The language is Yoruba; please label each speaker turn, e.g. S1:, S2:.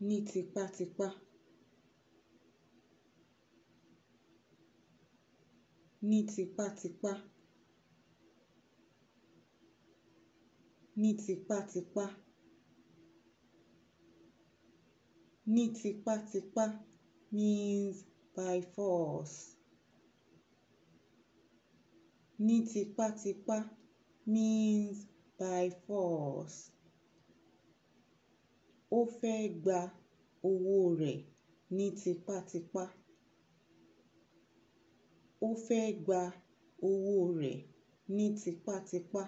S1: ní tipátipá ní tipátipá ní tipátipá ní tipátipá means by force ní tipátipá means by force ó fẹ́ gba owó rẹ̀ ní tipátipá ó fẹ́ gba owó rẹ̀ ní tipátipá